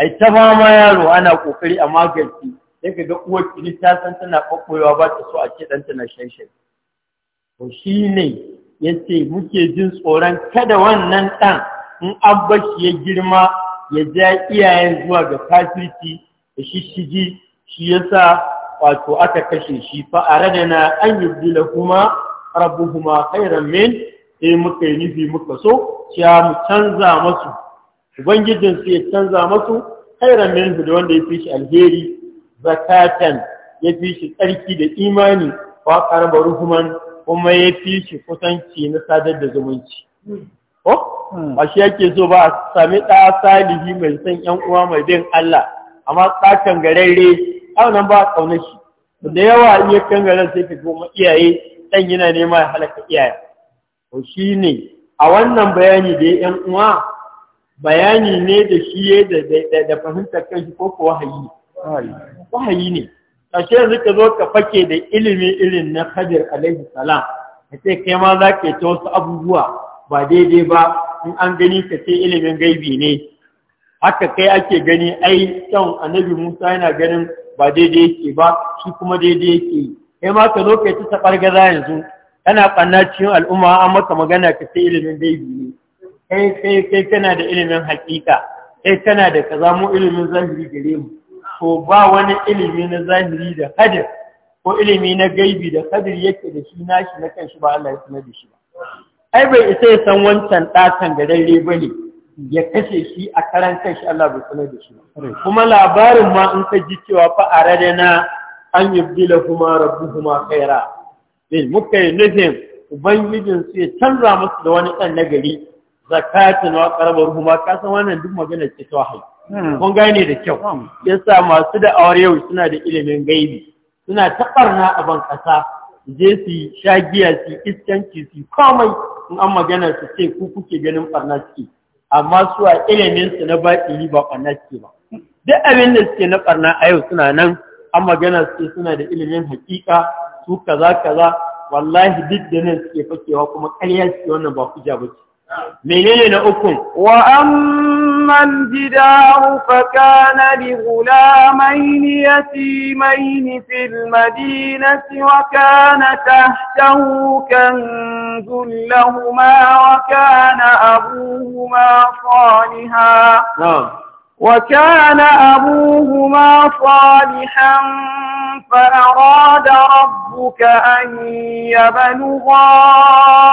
ai ta yaro ana kokari a magance sai ka ga uwar kiri ta san tana kwakwayewa ba ta so a ce ɗanta na shanshan to shi ne ya ce muke jin tsoron kada wannan ɗan in abbashi shi ya girma ya ja iyayen zuwa ga kafirci da shishigi shi ya sa wato aka kashe shi fa a na an yi yubdila kuma kuma khairan min sai muka yi nufi muka so cewa mu canza masu ubangijin su ya canza masu khairan min da wanda ya fi shi alheri zakatan ya fi shi tsarki da imani wa karba ruhuman kuma ya fi shi kusanci na sadar da zumunci a shi yake so ba a sami ɗa salihi mai son ƴan uwa mai bin Allah amma ɗa kangararre aunan ba a ƙauna shi da yawa in ya kangaren sai ka goma iyaye ɗan yana nema ya halaka iyaye to shi ne a wannan bayani da ƴan uwa bayani ne da shi da fahimtar kan shi ko ko wahayi wahayi ne ƙashe yanzu ka zo ka fake da ilimi irin na Hajar alaihi salam ka ce kai ma za ka yi ta wasu abubuwa ba daidai ba in an gani ka sai ilimin gaibi ne haka kai ake gani ai kyan annabi Musa yana ganin ba daidai yake ba shi kuma daidai yake yi kai ma ka zo ta ci yanzu kana ɓanna cikin al'umma an maka magana ka sai ilimin gaibi ne kai kai kana da ilimin hakika kai kana da kaza mu ilimin zahiri gare mu Ko ba wani ilimi na zahiri da hadir ko ilimi na gaibi da hadir yake da shi nashi na shi, ba Allah ya sanar da shi ba ai bai isa ya san wancan ɗatan da rarre ba ne ya kashe shi a karan shi, Allah bai kula da shi ba. kuma labarin ma in ka ji cewa fa a rade na an yi bila kuma rabu kuma kaira bin eh, muka yi nufin ubangijin su ya canza musu da wani ɗan nagari zakatin wa ruhu kuma ka san wannan duk magana ce ta wahayi hmm. kun gane da kyau hmm. yasa masu da yau suna da ilimin gaibi suna taɓarna a ban ƙasa je su sha giya su iskanci su komai in an magana su ce ku kuke ganin barna suke amma su a ilimin su na baƙi ba barna suke ba duk abin da suke na barna a yau suna nan an magana su suna da ilimin hakika su kaza kaza wallahi duk da nan suke fakewa kuma ƙarya suke wannan ba ja ba ce menene na ukun wa amman jidaru fa kana li ghulamayn yatimayn fil madinati wa kana tahtahu kanzun lahumā wa kana abūhumā ṣāliḥā وكان أبوهما صالحا فأراد ربك أن يبلغا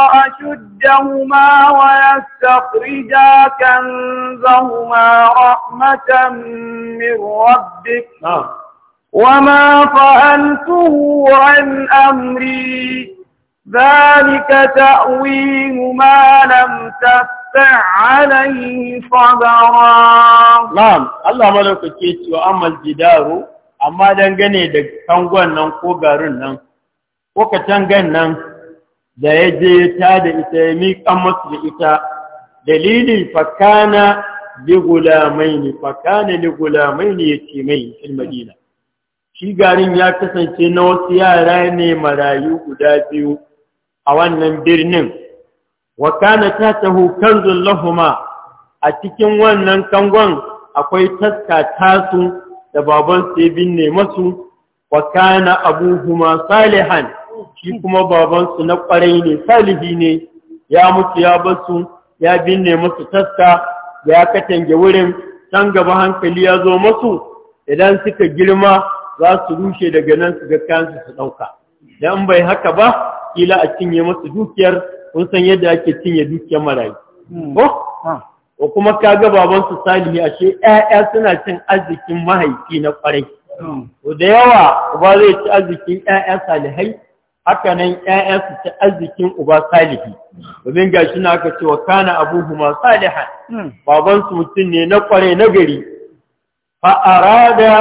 أشدهما ويستخرجا كنزهما رحمة من ربك نعم. وما فعلته عن أمري ذلك تأويل ما لم تفعل تَسْتَطِعْ عَلَيْهِ صَبْرًا Na'am, Allah malaukake amal jidaru amma dangane da kangon nan ko garin nan ko tangan nan da ya je ta da ita ya miƙan masu da ita dalili fakana li ne, fakana ne ya ce mai, madina shi garin ya kasance na wasu yara ne marayu guda biyu a wannan birnin wa kana tatahu kanzun lahuma a cikin wannan kangon akwai taska tasu da baban su ya binne masu wa kana abuhuma salihan shi kuma baban su na kwarai ne salihi ne ya mutu ya basu ya binne masu taska ya katange wurin can gaba hankali ya zo masu idan suka girma za su rushe daga nan su ga kansu su ɗauka. Don bai haka ba, kila a cinye masu dukiyar kun san yadda ake cinye dukiyar marayu hmm. ko kuma ka ga babansu salihi ashe 'ya'ya suna cin arzikin mahaifi na kwarai Ko hmm. da yawa uba zai ci arzikin 'ya'ya salihai haka nan 'ya'ya su ci arzikin uba salihi domin gashi na aka wa kana abuhuma hmm. Baban su mutum ne na kwarai na gari fa arada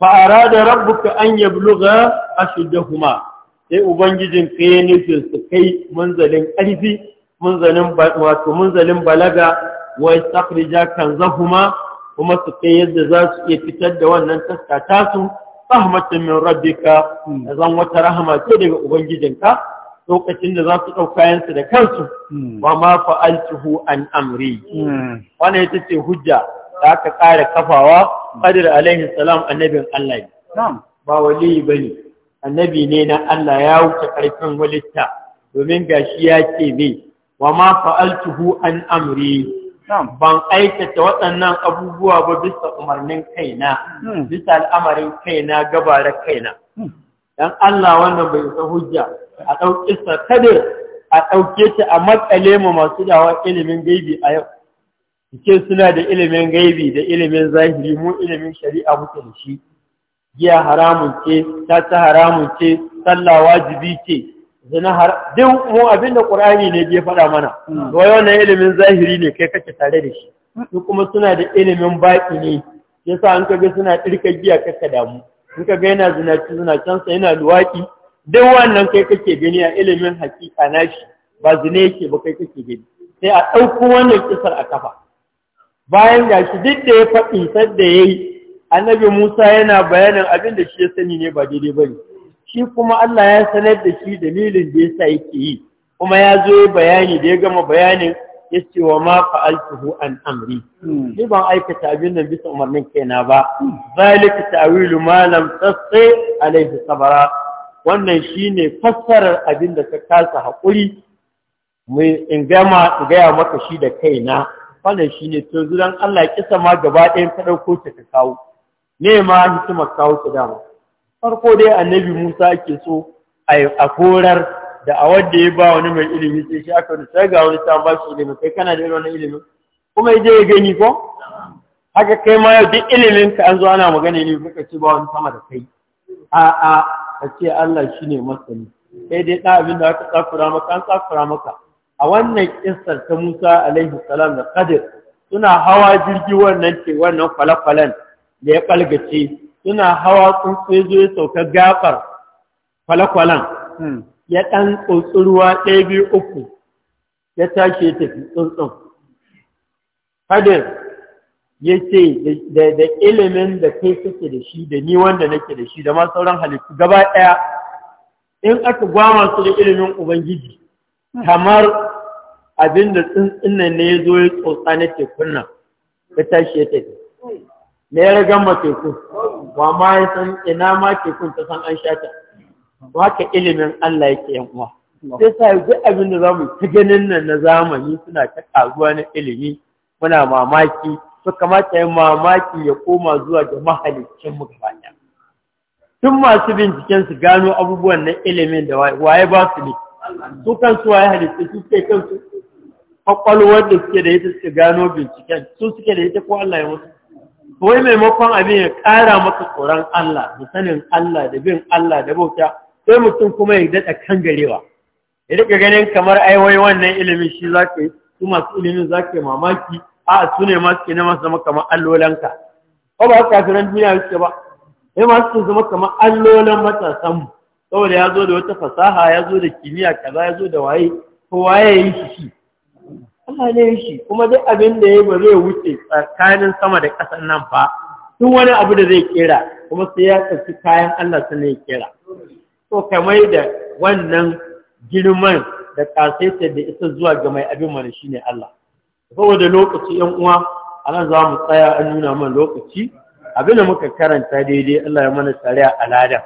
fa arada rabbuka an yablugha ashuddahuma sai ubangijin ka ya nufin su kai munzalin ƙarfi munzalin wato manzalin balaga wai sakhrija kan zahuma kuma su kai yadda za su iya fitar da wannan taska tasu rahmatan min rabbika zan wata rahama ce daga ubangijinka lokacin da za su ɗau da kansu ba hmm. ma fa’alcihu an amri hmm. wannan ita ce hujja da aka ƙara kafawa qadir alaihi salam annabin Allah ba wali bane annabi ne na Allah ya wuce ƙarfin walitta domin gashi ya ce mai wa ma fa'altuhu an amri ban aikata waɗannan abubuwa ba bisa umarnin kaina hmm. bisa al'amarin kaina gabara kaina hmm. dan Allah wannan bai isa hujja a ɗauki kada a ɗauke ta a matsale mu masu dawa ilimin gaibi a yau ce suna da ilimin gaibi da ilimin zahiri mu ilimin shari'a muke da shi giya haramun ce ta ta haramun ce sallah wajibi ce zina har duk mu abinda qur'ani ne ya faɗa mana wai wannan ilimin zahiri ne kai kake tare da shi su kuma suna da ilimin baƙi ne yasa an kaga suna ɗirka giya kaka damu in kaga yana can sa, yana luwaki duk wannan kai kake gani a ilimin hakika nashi ba zina yake ba kai kake gani sai a ɗauko wannan kisar a kafa bayan gashi duk da ya faɗi sadda ya yi annabi Musa yana bayanin abin da shi ya sani ne ba daidai ba ne, shi kuma Allah ya sanar da shi dalilin da ya sa yake yi, kuma ya zo ya bayani da ya gama bayanin ya ce wa ma fa'altuhu an amri. Hmm. Ni ban aikata abin nan bisa umarnin kaina ba, zalika ta'wilu malam tsatsai alaihi sabara. Wannan shi ne fassarar abin da ka kasa haƙuri, mai in gama gaya maka shi da kai na. wannan shi ne to zuran Allah ya kisa ma gaba ɗayan ka ɗauko ta ka kawo. ne ma hikimar kawo su dama farko dai annabi musa ake so a korar da a wanda ya ba wani mai ilimi sai shi aka sai ga wani ta ba shi ilimi kai kana da irin wani ilimin kuma ya ya gani ko haka kai ma yau duk ilimin ka an zo ana magana ne kuka ce ba wani sama da kai a a ka ce Allah shi ne masani kai dai ɗan abin da aka tsakura maka an tsakura maka a wannan kisar ta Musa alaihi salam da Kadir suna hawa jirgi wannan ce wannan kwale-kwalen. da ya ɓalgace suna hawa tsuntsu zo ya sauka gafar kwalakwalan hmm. ya ɗan tsotsi ɗaya biyu uku ya tashi ya tafi tsuntsun. Hadir ya ce da ilimin da kai suke da shi da ni wanda nake da shi da ma sauran halittu gaba ɗaya in aka gwama su da ilimin Ubangiji hmm. kamar abin da tsuntsun nan ne ya zo ya tsotsa na tekun nan ya tashi ya tafi. Hmm. me ya riga ma teku ma ya san ina ma tekun ta san an shata Ba ka ilimin Allah yake yan uwa sai sa yanzu abin da zamu ta ganin nan na zamani suna ta karuwa na ilimi muna mamaki to kamata ya mamaki ya koma zuwa ga mahalicin mu gaba ɗaya tun masu binciken su gano abubuwan na ilimin da waye ba su ne su kansu waye halitta su suke kansu kwakwalwar da suke da ita suke gano binciken su suke da ita ko Allah ya mutu wai maimakon abin ya ƙara maka tsoron Allah da sanin Allah da bin Allah da bauta sai mutum kuma ya daɗa kan garewa ya daga ganin kamar ai wai wannan ilimin shi za ka yi su masu ilimin za ka yi mamaki a su ne masu ke nema zama kamar allolanka ko ba haka nan duniya suke ba sai masu ke zama kamar allolan matasanmu saboda ya zo da wata fasaha ya zo da kimiyya kaza ya zo da waye ko waye ya yi shi shi kuma duk abin da ya ba zai wuce tsakanin sama da ƙasar nan ba duk wani abu da zai kera kuma sai ya tsaki kayan Allah su ne kera to kamar da wannan girman da ƙasaitar da isa zuwa ga mai abin mana shine Allah saboda lokaci yan uwa anan za mu tsaya an nuna man lokaci abin da muka karanta daidai Allah ya mana tare a alada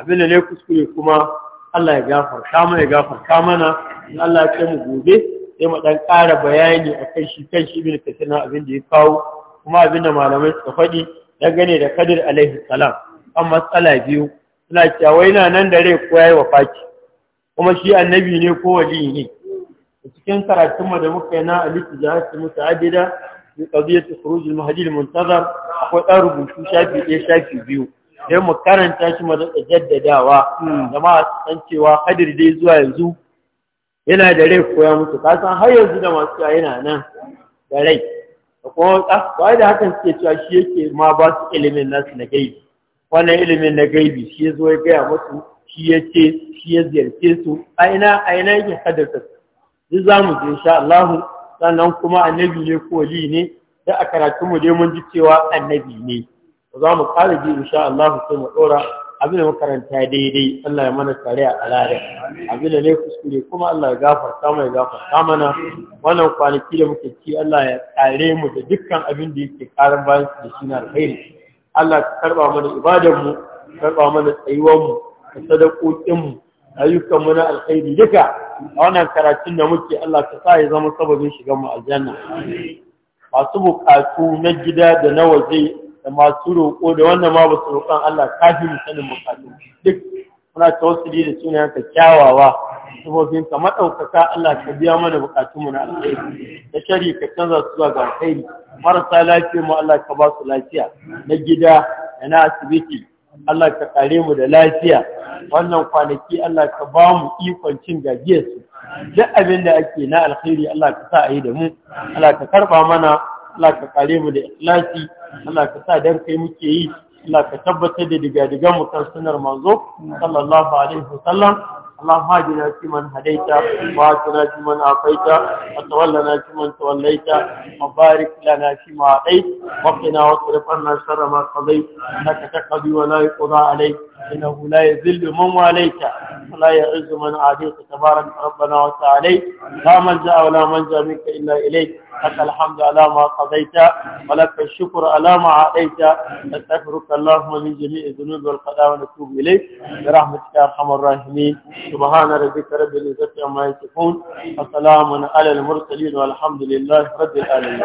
abin da ne kuskure kuma Allah ya gafarta mana ya gafarta mana Allah ya kai mu gobe sai mu dan ƙara bayani akan shi kan shi ibn kasir na abin da ya kawo kuma abin da malamai suka faɗi dangane da kadir alaihi salam an matsala biyu suna cewa wai na nan da rai ko yayi wafaki kuma shi annabi ne ko wali ne A cikin karatun mu da muka yi na da jahatu muta'addida bi qadiyati khuruj al-mahdi al-muntazar akwai dan rubutu shafi ɗaya shafi biyu sai mu karanta shi mu jaddadawa hmm. jama'a san cewa kadir dai zuwa yanzu yana da rai koya mutu, ka san har yanzu da masu ya yana nan da rai da kuma ba da hakan suke cewa shi yake ma ba su ilimin nasu na gaibi wannan ilimin na gaibi shi ya zo ya gaya musu shi ya ce shi ya ziyarce su a ina a ina yake haddasa su za mu je insha Allah sannan kuma annabi ne ko li ne da a karatun mu dai mun ji cewa annabi ne za mu kare bi insha Allah sai mu dora abin da makaranta daidai Allah ya mana tsari a alada abin da ne kuskure kuma Allah ya gafarta mai gafarta mana wannan kwanaki da muke ci Allah ya tsare mu da dukkan abin da yake karan bayan da shi na alheri Allah ka karba mana ibadar mu karba mana tsayuwar mu da sadakokin mu ayyukan mu na alheri duka a wannan karatun da muke Allah ka sa ya zama sababin shigan mu aljanna masu bukatu na gida da na waje da masu roƙo da wannan ma ba su roƙon Allah kafi mu sanin bukatu duk muna tawassuli da sunayen ka kyawawa sabobin ka madaukaka Allah ka biya mana bukatu mu na alheri da shari ka canza su zuwa ga alheri marasa lafiya mu Allah ka ba su lafiya na gida da na asibiti Allah ka kare mu da lafiya wannan kwanaki Allah ka ba mu ikon cin gajiyarsu duk abin da ake na alheri Allah ka sa a yi da mu Allah ka karɓa mana Allah ka kare mu da ikhlasi Allah ka sa dan kai muke yi Allah ka tabbatar da diga diga mu kan sunnar manzo sallallahu alaihi wasallam Allah hajina fi man hadaita wa sura fi man afaita wa tawallana fi man tawallaita wa barik lana fi ma ai wa qina wa qirfana sharra ma qadai innaka taqdi wa la yuqda alayk innahu la yadhillu man walayta la ya'izzu man adika tabarak rabbana wa ta'ala la malja'a wa la manja minka illa ilayk لك الحمد على ما قضيت ولك الشكر على ما عاديت نستغفرك اللهم من جميع الذنوب والخطايا ونتوب اليك برحمتك يا ارحم الراحمين سبحان ربك رب العزه عما يصفون وسلام على المرسلين والحمد لله رب العالمين